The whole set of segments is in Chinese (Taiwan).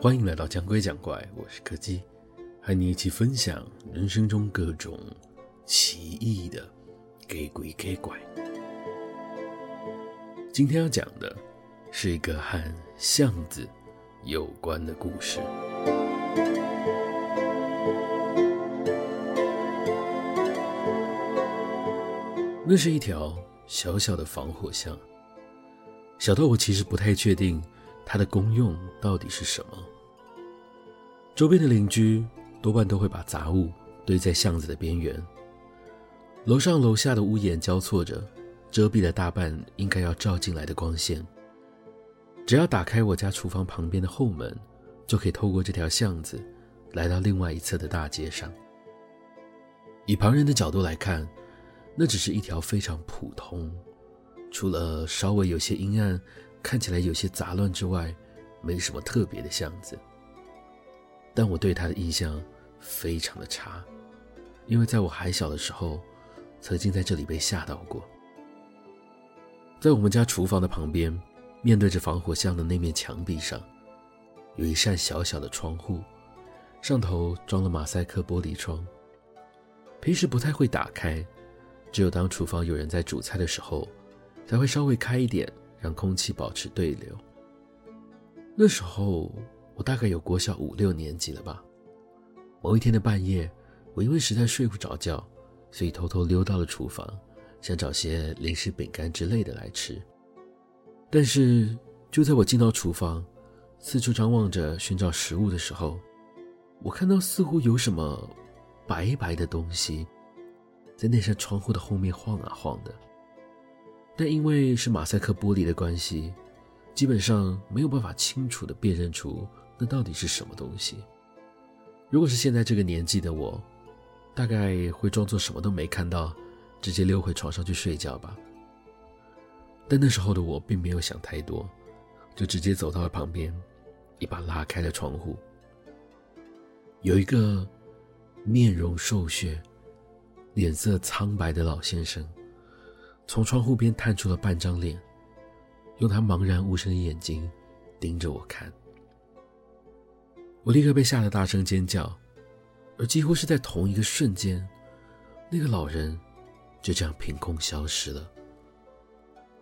歡迎來到講鬼講怪，我是柯基，和你一起分享人生中各種奇異的給鬼給怪。今天要講的是一個和巷子有關的故事。那是一條小小的防火巷，小到我其實不太確定它的功用到底是什麼。周邊的鄰居多半都會把雜物堆在巷子的邊緣。樓上樓下的屋檐交錯着，遮蔽了大半應該要照進來的光線。只要打開我家廚房旁邊的後門，就可以透過這條巷子來到另外一側的大街上。以旁人的角度來看，那只是一條非常普通，除了稍微有些陰暗，看起來有些雜亂之外，沒什麼特別的巷子。但我對他的印象非常的差，因為在我還小的時候，曾經在這裡被嚇到過。在我們家廚房的旁邊，面對着防火巷的那面牆壁上，有一扇小小的窗戶，上頭裝了馬賽克玻璃窗，平時不太會打開，只有當廚房有人在煮菜的時候，才會稍微開一點，讓空氣保持對流。那時候，我大概有國小五六年級了吧。某一天的半夜，我因為實在睡不着覺，所以偷偷溜到了廚房，想找些零食、餅乾之類的來吃。但是，就在我進到廚房，四處張望着尋找食物的時候，我看到似乎有什麼白白的東西，在那扇窗戶的後面晃啊晃的。但因為是馬賽克玻璃的關係，基本上沒有辦法清楚地辨認出。那到底是什麼東西？如果是現在這個年紀的我，大概會裝作什麼都沒看到，直接溜回床上去睡覺吧。但那時候的我並沒有想太多，就直接走到了旁邊，一把拉開了窗戶。有一個面容瘦削、臉色蒼白的老先生，從窗戶邊探出了半張臉，用他茫然無神的眼睛盯着我看。我立刻被嚇得大聲尖叫，而幾乎是在同一個瞬間，那個老人就這樣憑空消失了。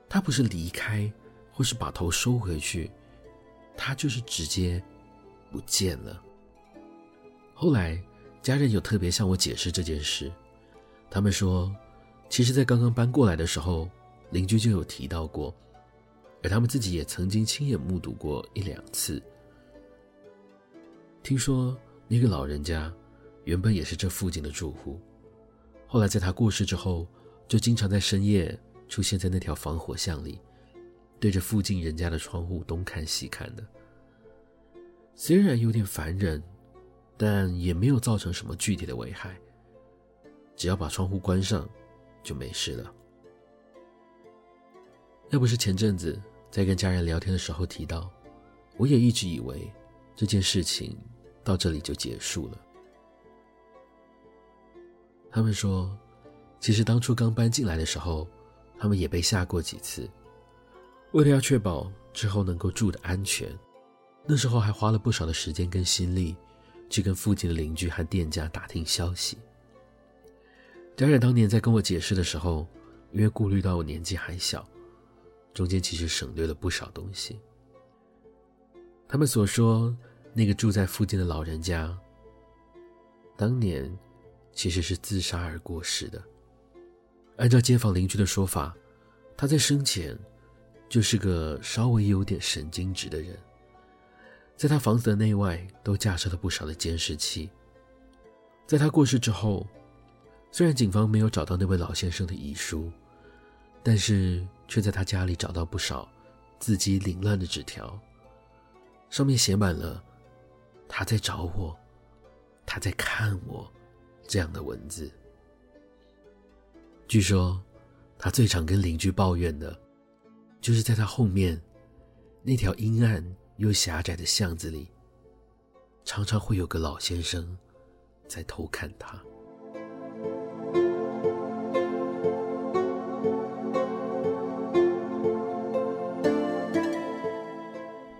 他不是離開，或是把頭收回去，他就是直接不見了。後來家人有特別向我解釋這件事，他們說，其實在剛剛搬過來的時候，鄰居就有提到過，而他們自己也曾經親眼目睹過一兩次。聽說那個老人家，原本也是這附近的住戶，後來在他過世之後，就經常在深夜出現在那條防火巷裡，對着附近人家的窗戶東看西看的。雖然有點煩人，但也沒有造成什麼具體的危害，只要把窗戶關上，就沒事了。要不是前陣子在跟家人聊天的時候提到，我也一直以為。這件事情到這裡就結束了。他們說，其實當初剛搬進來的時候，他們也被嚇過幾次。為了要確保之後能夠住得安全，那時候還花了不少的時間跟心力，去跟附近的鄰居和店家打聽消息。家人當年在跟我解釋的時候，因為顧慮到我年紀還小，中間其實省略了不少東西。他們所說，那個住在附近的老人家，當年其實是自殺而過世的。按照街坊鄰居的說法，他在生前就是個稍微有點神經質的人，在他房子的內外都架設了不少的監視器。在他過世之後，雖然警方沒有找到那位老先生的遺書，但是卻在他家裡找到不少字跡凌亂的紙條。上面寫滿了，他在找我，他在看我，這樣的文字。據說，他最常跟鄰居抱怨的，就是在他後面那條陰暗又狹窄的巷子裡，常常會有個老先生在偷看他。